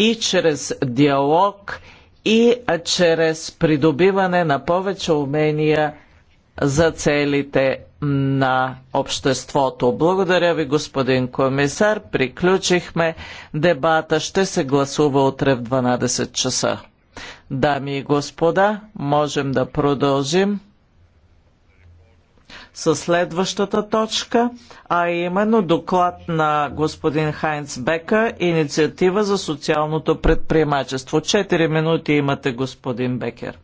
и чрез диалог и чрез придобиване на повече умения за целите на обществото. Благодаря ви, господин комисар. Приключихме дебата. Ще се гласува утре в 12 часа. Дами и господа, можем да продължим със следващата точка, а именно доклад на господин Хайнц Бека Инициатива за социалното предприемачество. Четири минути имате, господин Бекер.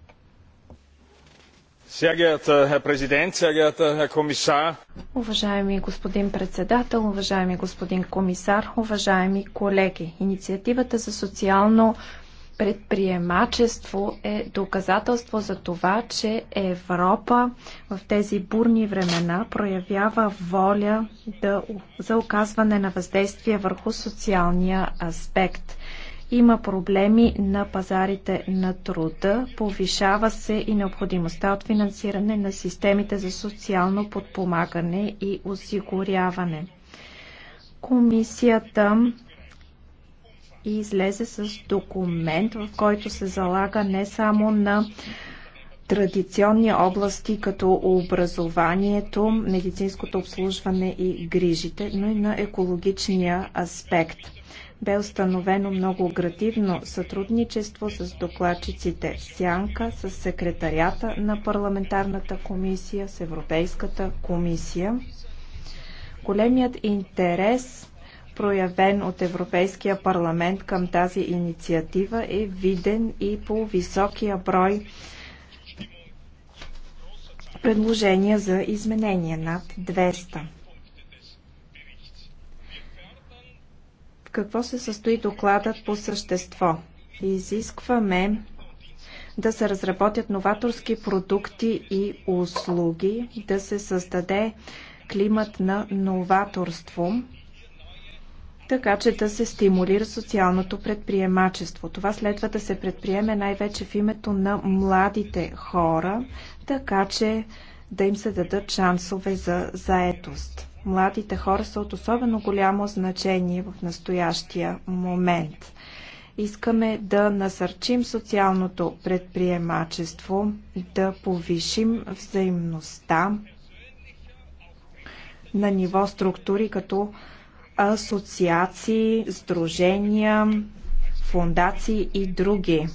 Уважаеми господин председател, уважаеми господин комисар, уважаеми колеги! Инициативата за социално предприемачество е доказателство за това, че Европа в тези бурни времена проявява воля да, за оказване на въздействие върху социалния аспект. Има проблеми на пазарите на труда, повишава се и необходимостта от финансиране на системите за социално подпомагане и осигуряване. Комисията и излезе с документ, в който се залага не само на традиционни области като образованието, медицинското обслужване и грижите, но и на екологичния аспект. Бе установено много градивно сътрудничество с докладчиците в Сянка, с секретарята на парламентарната комисия, с Европейската комисия. Големият интерес проявен от Европейския парламент към тази инициатива, е виден и по високия брой предложения за изменения над 200. В какво се състои докладът по същество? Изискваме да се разработят новаторски продукти и услуги, да се създаде климат на новаторство, така че да се стимулира социалното предприемачество. Това следва да се предприеме най-вече в името на младите хора, така че да им се дадат шансове за заетост. Младите хора са от особено голямо значение в настоящия момент. Искаме да насърчим социалното предприемачество, да повишим взаимността на ниво структури като асоциации, сдружения, фундации и други.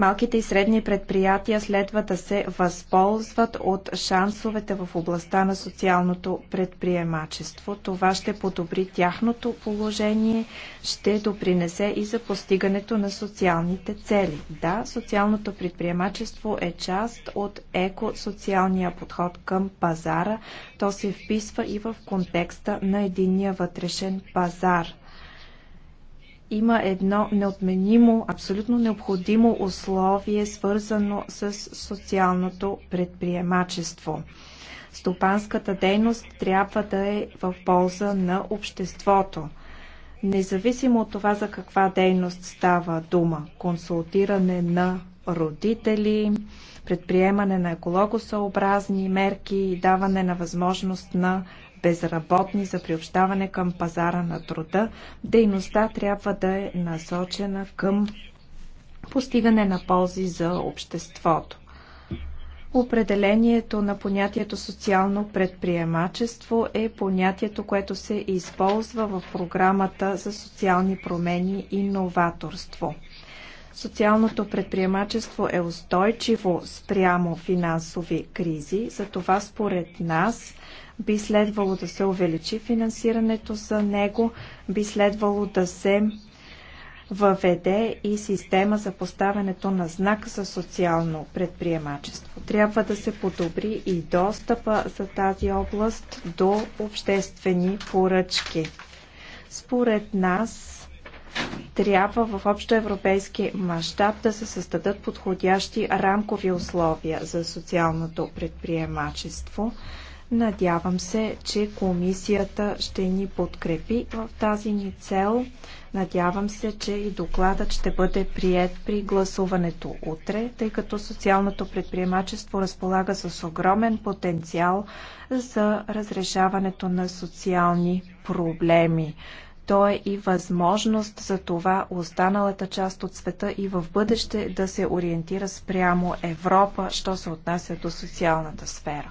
Малките и средни предприятия следва да се възползват от шансовете в областта на социалното предприемачество. Това ще подобри тяхното положение, ще допринесе и за постигането на социалните цели. Да, социалното предприемачество е част от екосоциалния подход към пазара. То се вписва и в контекста на единния вътрешен пазар – има едно неотменимо, абсолютно необходимо условие, свързано с социалното предприемачество. Стопанската дейност трябва да е в полза на обществото. Независимо от това за каква дейност става дума, консултиране на родители, предприемане на екологосъобразни мерки и даване на възможност на безработни, за приобщаване към пазара на труда, дейността трябва да е насочена към постигане на ползи за обществото. Определението на понятието социално предприемачество е понятието, което се използва в програмата за социални промени и новаторство. Социалното предприемачество е устойчиво спрямо финансови кризи, затова според нас би следвало да се увеличи финансирането за него, би следвало да се въведе и система за поставянето на знак за социално предприемачество. Трябва да се подобри и достъпа за тази област до обществени поръчки. Според нас трябва в общоевропейски мащаб да се създадат подходящи рамкови условия за социалното предприемачество. Надявам се, че комисията ще ни подкрепи в тази ни цел. Надявам се, че и докладът ще бъде прият при гласуването утре, тъй като социалното предприемачество разполага с огромен потенциал за разрешаването на социални проблеми. То е и възможност за това останалата част от света и в бъдеще да се ориентира спрямо Европа, що се отнася до социалната сфера.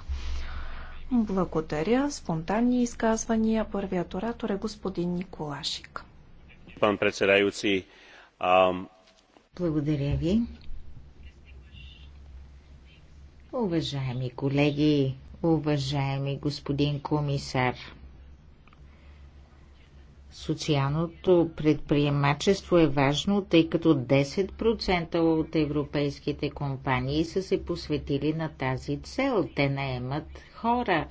Благодаря. Спонтанни изказвания. Първият оратор е господин Николашик. Пан председаюци, ам... Благодаря ви. Уважаеми колеги, уважаеми господин комисар, Социалното предприемачество е важно, тъй като 10% от европейските компании са се посветили на тази цел. Те наемат хора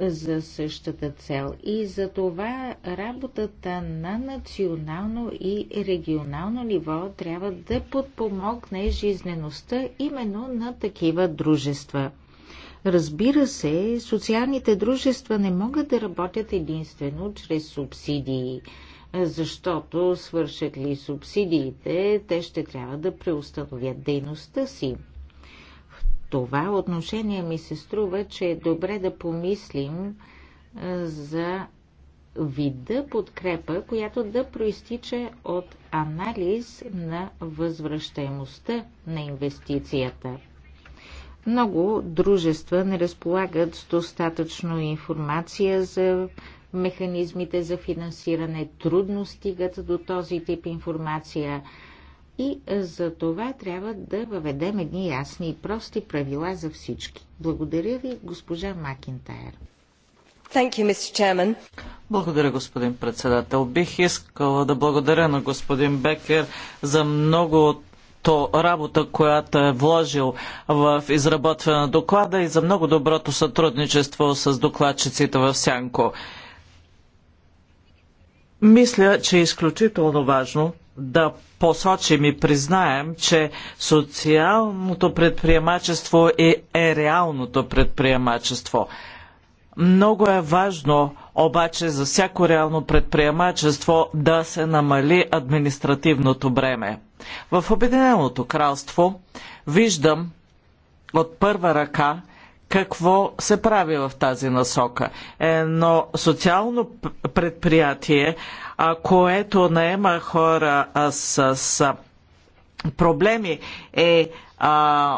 за същата цел. И за това работата на национално и регионално ниво трябва да подпомогне жизнеността именно на такива дружества. Разбира се, социалните дружества не могат да работят единствено чрез субсидии, защото свършат ли субсидиите, те ще трябва да преустановят дейността си. В това отношение ми се струва, че е добре да помислим за вида подкрепа, която да проистича от анализ на възвръщаемостта на инвестицията – много дружества не разполагат с достатъчно информация за механизмите за финансиране, трудно стигат до този тип информация и за това трябва да въведем едни ясни и прости правила за всички. Благодаря ви, госпожа Макинтайр. You, благодаря, господин председател. Бих искала да благодаря на господин Бекер за много от многото работа, която е вложил в изработване на доклада и за много доброто сътрудничество с докладчиците в Сянко. Мисля, че е изключително важно да посочим и признаем, че социалното предприемачество е, е реалното предприемачество – много е важно обаче за всяко реално предприемачество да се намали административното бреме. В Обединеното кралство виждам от първа ръка какво се прави в тази насока. Едно социално предприятие, което наема хора с проблеми е а,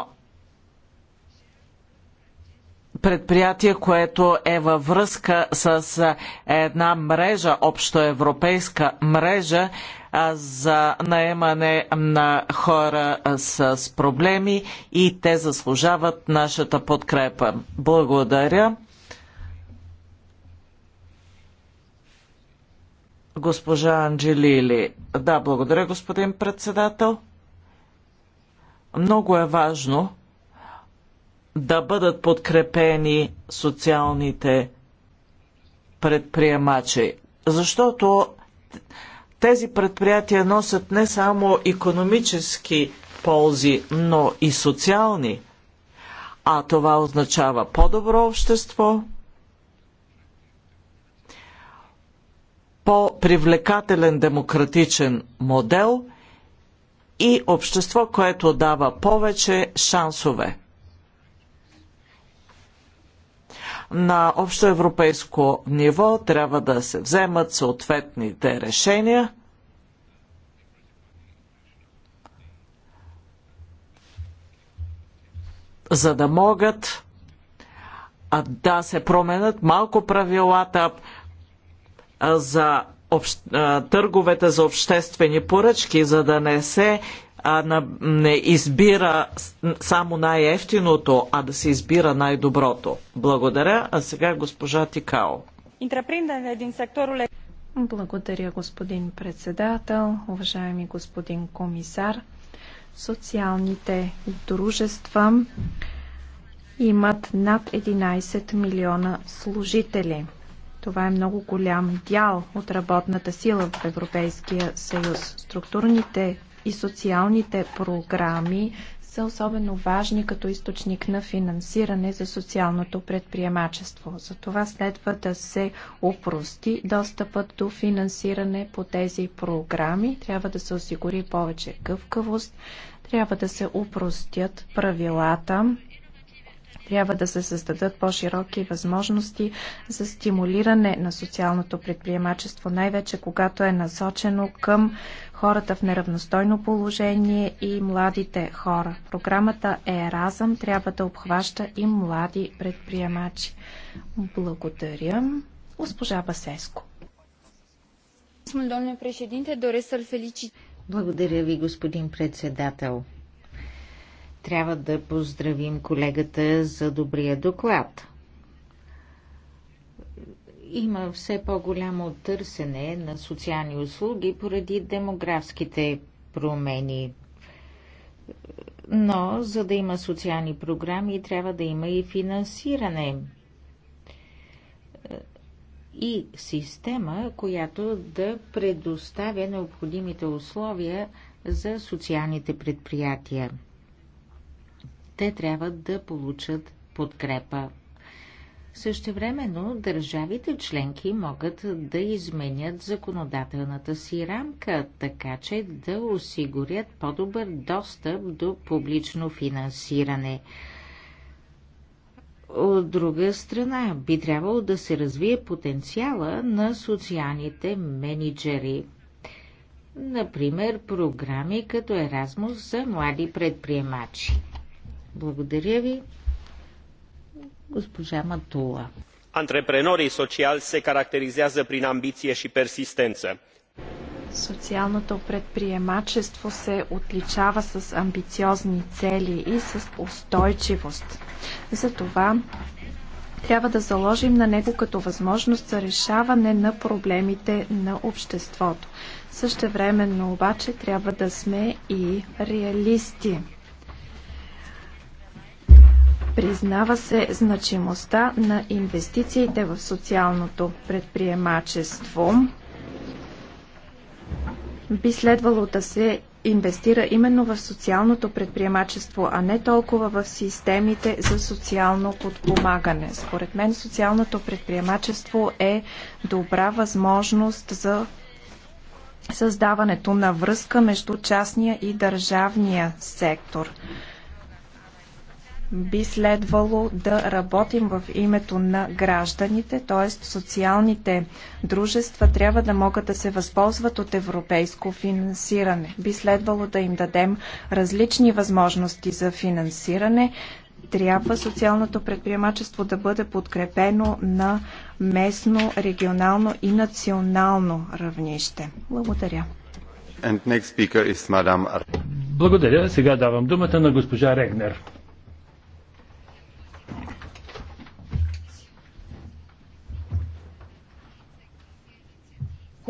предприятие, което е във връзка с една мрежа, общоевропейска мрежа за наемане на хора с проблеми и те заслужават нашата подкрепа. Благодаря. Госпожа Анджелили. Да, благодаря, господин председател. Много е важно да бъдат подкрепени социалните предприемачи. Защото тези предприятия носят не само економически ползи, но и социални. А това означава по-добро общество, по-привлекателен демократичен модел и общество, което дава повече шансове. на общо европейско ниво трябва да се вземат съответните решения. за да могат да се променят малко правилата за общ... търговете за обществени поръчки, за да не се а, не избира само най-ефтиното, а да се избира най-доброто. Благодаря. А сега госпожа Тикао. Е Благодаря, господин председател, уважаеми господин комисар. Социалните дружества имат над 11 милиона служители. Това е много голям дял от работната сила в Европейския съюз. Структурните и социалните програми са особено важни като източник на финансиране за социалното предприемачество. За това следва да се упрости достъпът до финансиране по тези програми. Трябва да се осигури повече гъвкавост, трябва да се упростят правилата, трябва да се създадат по-широки възможности за стимулиране на социалното предприемачество, най-вече когато е насочено към хората в неравностойно положение и младите хора. Програмата Еразъм трябва да обхваща и млади предприемачи. Благодаря. Госпожа Басеско. Благодаря ви, господин председател. Трябва да поздравим колегата за добрия доклад. Има все по-голямо търсене на социални услуги поради демографските промени. Но, за да има социални програми, трябва да има и финансиране. И система, която да предоставя необходимите условия за социалните предприятия. Те трябва да получат подкрепа. Същевременно държавите членки могат да изменят законодателната си рамка, така че да осигурят по-добър достъп до публично финансиране. От друга страна, би трябвало да се развие потенциала на социалните менеджери. Например, програми като Еразмус за млади предприемачи. Благодаря ви. Госпожа Матула. Antreprenorii sociali се caracterizează prin амбиция и персистенца. Социалното предприемачество се отличава с амбициозни цели и с устойчивост. Затова трябва да заложим на него като възможност за решаване на проблемите на обществото. Същевременно обаче трябва да сме и реалисти. Признава се значимостта на инвестициите в социалното предприемачество. Би следвало да се инвестира именно в социалното предприемачество, а не толкова в системите за социално подпомагане. Според мен социалното предприемачество е добра възможност за създаването на връзка между частния и държавния сектор би следвало да работим в името на гражданите, т.е. социалните дружества трябва да могат да се възползват от европейско финансиране. Би следвало да им дадем различни възможности за финансиране. Трябва социалното предприемачество да бъде подкрепено на местно, регионално и национално равнище. Благодаря. Благодаря. Сега давам думата на госпожа Регнер.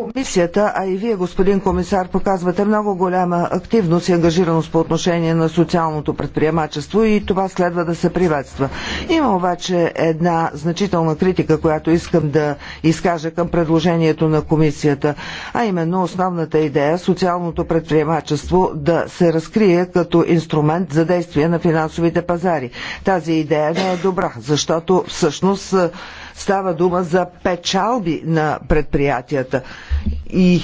Комисията, а и вие, господин комисар, показвате много голяма активност и ангажираност по отношение на социалното предприемачество и това следва да се приветства. Има обаче една значителна критика, която искам да изкажа към предложението на комисията, а именно основната идея социалното предприемачество да се разкрие като инструмент за действие на финансовите пазари. Тази идея не е добра, защото всъщност Става дума за печалби на предприятията. И е,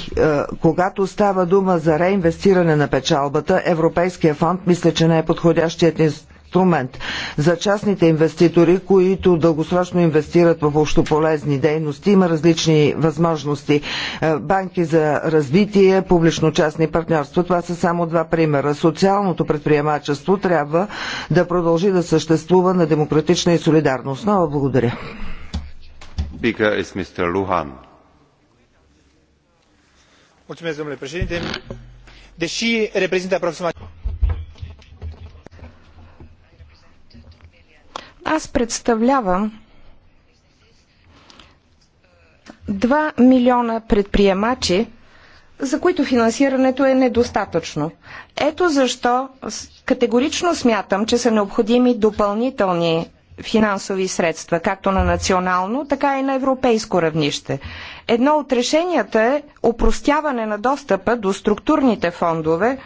когато става дума за реинвестиране на печалбата, Европейския фонд мисля, че не е подходящият инструмент. За частните инвеститори, които дългосрочно инвестират в общополезни дейности, има различни възможности. Е, банки за развитие, публично-частни партньорства, това са само два примера. Социалното предприемачество трябва да продължи да съществува на демократична и солидарна основа. Благодаря domnule președinte deși reprezintă aproximativ Аз представлявам 2 милиона предприемачи, за които финансирането е недостатъчно. Ето защо категорично смятам, че са необходими допълнителни финансови средства, както на национално, така и на европейско равнище. Едно от решенията е опростяване на достъпа до структурните фондове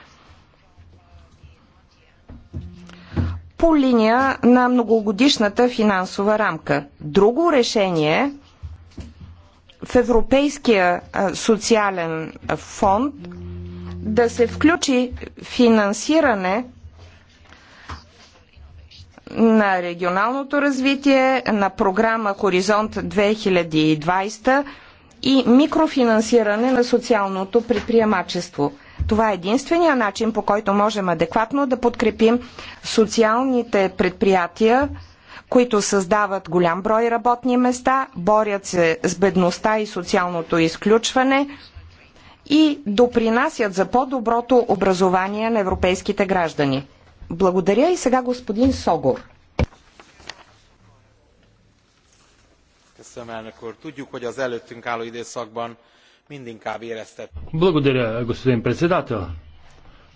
по линия на многогодишната финансова рамка. Друго решение е в Европейския социален фонд да се включи финансиране на регионалното развитие, на програма Хоризонт 2020 и микрофинансиране на социалното предприемачество. Това е единствения начин, по който можем адекватно да подкрепим социалните предприятия, които създават голям брой работни места, борят се с бедността и социалното изключване и допринасят за по-доброто образование на европейските граждани. Благодаря и сега господин Согор. Благодаря, господин председател.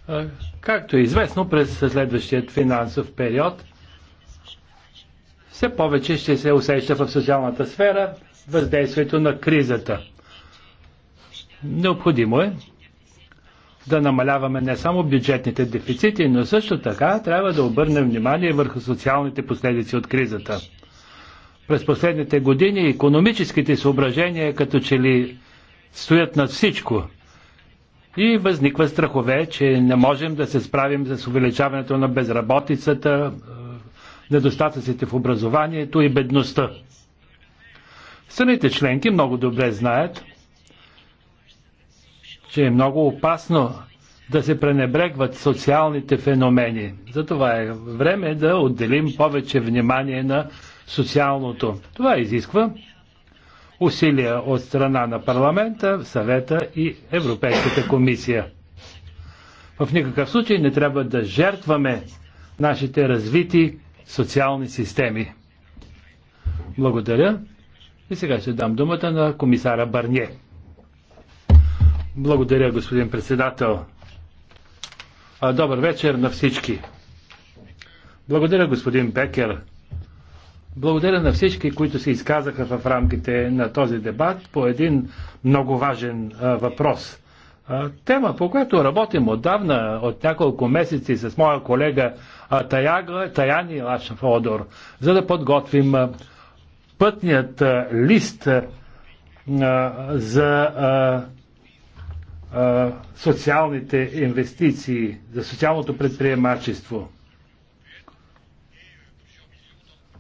Е, както е известно, през следващият финансов период все повече ще се усеща в социалната сфера въздействието на кризата. Необходимо е да намаляваме не само бюджетните дефицити, но също така трябва да обърнем внимание върху социалните последици от кризата. През последните години економическите съображения като че ли стоят над всичко. И възниква страхове, че не можем да се справим с увеличаването на безработицата, е, недостатъците в образованието и бедността. Страните членки много добре знаят, че е много опасно да се пренебрегват социалните феномени. Затова е време да отделим повече внимание на социалното. Това изисква усилия от страна на парламента, съвета и Европейската комисия. В никакъв случай не трябва да жертваме нашите развити социални системи. Благодаря. И сега ще дам думата на комисара Барние. Благодаря, господин председател. Добър вечер на всички. Благодаря, господин Бекер. Благодаря на всички, които се изказаха в рамките на този дебат по един много важен а, въпрос. А, тема, по която работим отдавна, от няколко месеци с моя колега а, Таяга, Таяни Лашев Одор, за да подготвим а, пътният а, лист а, за а, социалните инвестиции, за социалното предприемачество.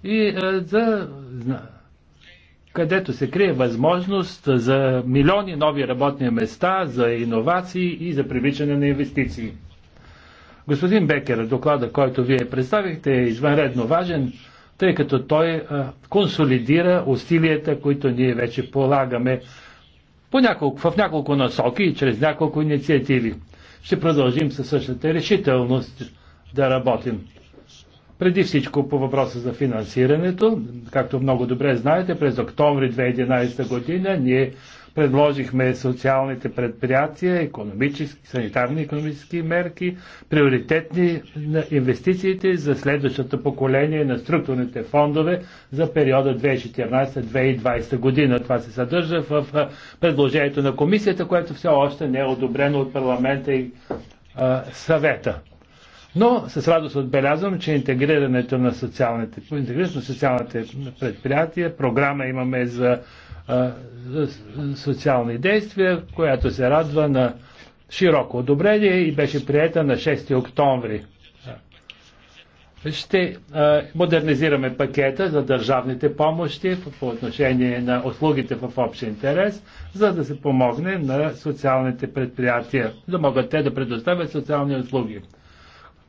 И за, където се крие възможност за милиони нови работни места, за иновации и за привличане на инвестиции. Господин Бекер, доклада, който вие представихте, е извънредно важен, тъй като той консолидира усилията, които ние вече полагаме по няколко, в няколко насоки и чрез няколко инициативи. Ще продължим със същата решителност да работим. Преди всичко по въпроса за финансирането, както много добре знаете, през октомври 2011 година ние Предложихме социалните предприятия, економически, санитарни економически мерки, приоритетни на инвестициите за следващото поколение на структурните фондове за периода 2014-2020 година. Това се съдържа в предложението на комисията, което все още не е одобрено от парламента и а, съвета. Но с радост отбелязвам, че интегрирането на социалните, интегрирането на социалните предприятия, програма имаме за социални действия, която се радва на широко одобрение и беше приета на 6 октомври. Ще модернизираме пакета за държавните помощи по отношение на услугите в общ интерес, за да се помогне на социалните предприятия, да могат те да предоставят социални услуги.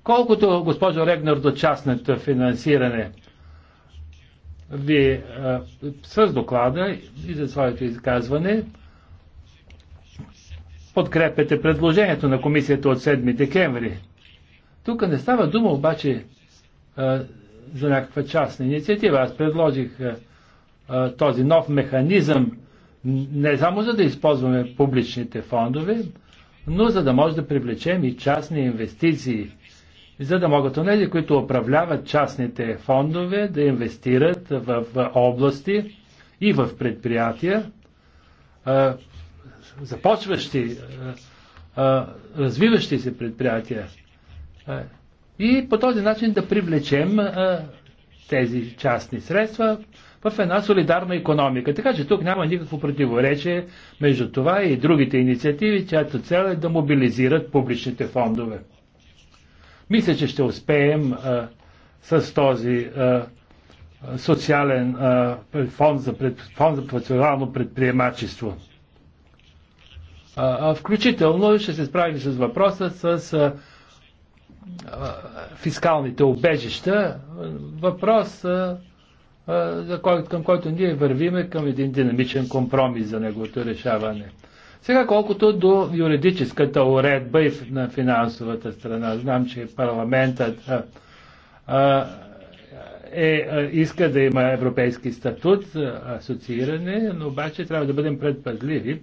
Колкото, госпожо Регнер, до частното финансиране – вие а, е, с доклада и за своето изказване подкрепяте предложението на комисията от 7 декември. Тук не става дума обаче а, е, за някаква частна инициатива. Аз предложих а, е, този нов механизъм не само за да използваме публичните фондове, но за да може да привлечем и частни инвестиции за да могат онези, които управляват частните фондове, да инвестират в области и в предприятия, започващи, развиващи се предприятия. И по този начин да привлечем тези частни средства в една солидарна економика. Така че тук няма никакво противоречие между това и другите инициативи, чиято цел е да мобилизират публичните фондове. Мисля, че ще успеем а, с този а, социален а, фонд, за пред, фонд за професионално предприемачество. А, а, включително ще се справим с въпроса с а, а, фискалните обежища. Въпрос, а, а, за кой, към който ние вървиме към един динамичен компромис за неговото решаване. Сега колкото до юридическата уредба и на финансовата страна, знам, че парламентът а, а, е, а, иска да има европейски статут, асоцииране, но обаче трябва да бъдем предпазливи.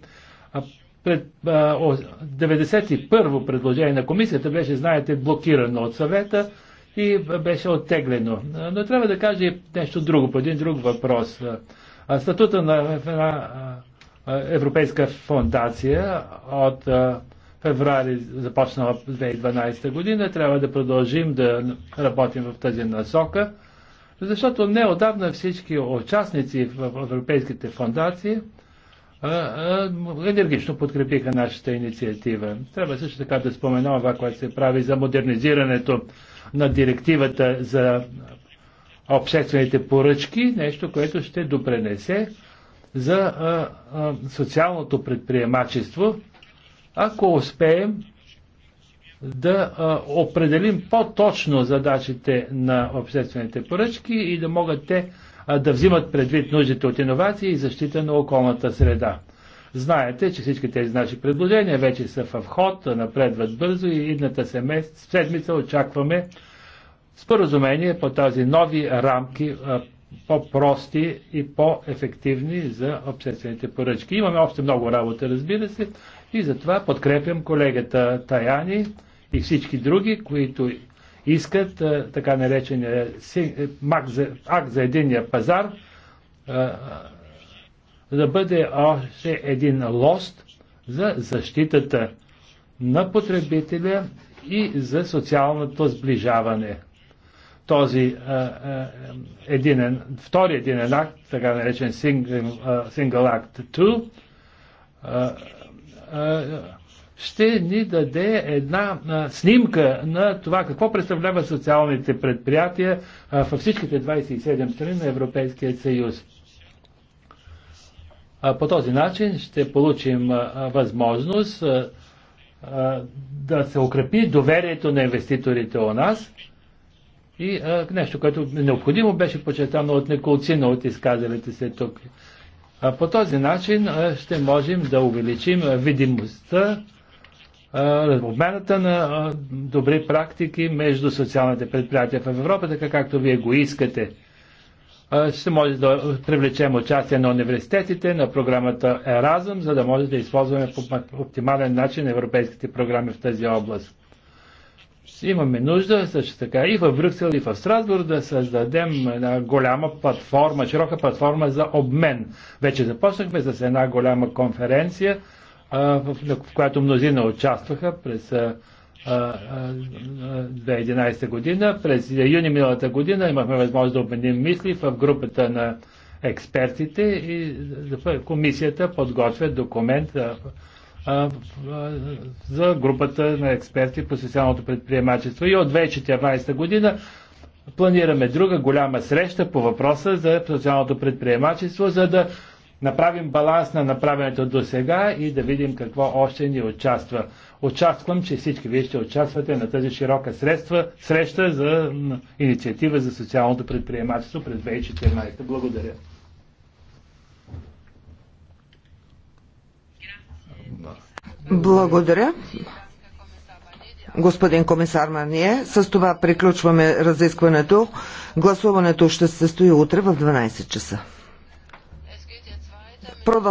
А пред 91-во предложение на комисията беше, знаете, блокирано от съвета и беше оттеглено. Но трябва да кажа и нещо друго, по един друг въпрос. Статута на на Европейска фондация от феврари започнала 2012 година. Трябва да продължим да работим в тази насока, защото неодавна всички участници в европейските фондации енергично подкрепиха нашата инициатива. Трябва също така да споменам това, което се прави за модернизирането на директивата за обществените поръчки, нещо, което ще допренесе за а, а, социалното предприемачество, ако успеем да а, определим по-точно задачите на обществените поръчки и да могат те а, да взимат предвид нуждите от иновации и защита на околната среда. Знаете, че всички тези наши предложения вече са в ход, напредват бързо и идната седмица очакваме споразумение по тази нови рамки по-прости и по-ефективни за обществените поръчки. Имаме още много работа, разбира се, и затова подкрепям колегата Таяни и всички други, които искат така наречения е, акт за единия пазар да бъде още един лост за защитата на потребителя и за социалното сближаване този а, единен, втори единен акт, така наречен Single, single Act 2, а, а, ще ни даде една снимка на това какво представлява социалните предприятия във всичките 27 страни на Европейския съюз. по този начин ще получим възможност да се укрепи доверието на инвеститорите у нас – и а, нещо, което необходимо беше почетано от неколцина от изказалите се тук. А, по този начин а, ще можем да увеличим видимостта, а, обмената на а, добри практики между социалните предприятия в Европа, така както вие го искате. А, ще може да привлечем участие на университетите, на програмата Erasmus, за да може да използваме по оптимален начин европейските програми в тази област ще имаме нужда също така и в Брюксел и в Страсбург да създадем една голяма платформа, широка платформа за обмен. Вече започнахме с една голяма конференция, в която мнозина участваха през 2011 година. През юни миналата година имахме възможност да обменим мисли в групата на експертите и комисията подготвя документ за групата на експерти по социалното предприемачество. И от 2014 година планираме друга голяма среща по въпроса за социалното предприемачество, за да направим баланс на направенето до сега и да видим какво още ни участва. Очаквам, че всички вие ще участвате на тази широка средства, среща за инициатива за социалното предприемачество през 2014. Благодаря. Благодаря. Господин комисар Марние, с това приключваме разискването. Гласуването ще се състои утре в 12 часа. Продължаваме.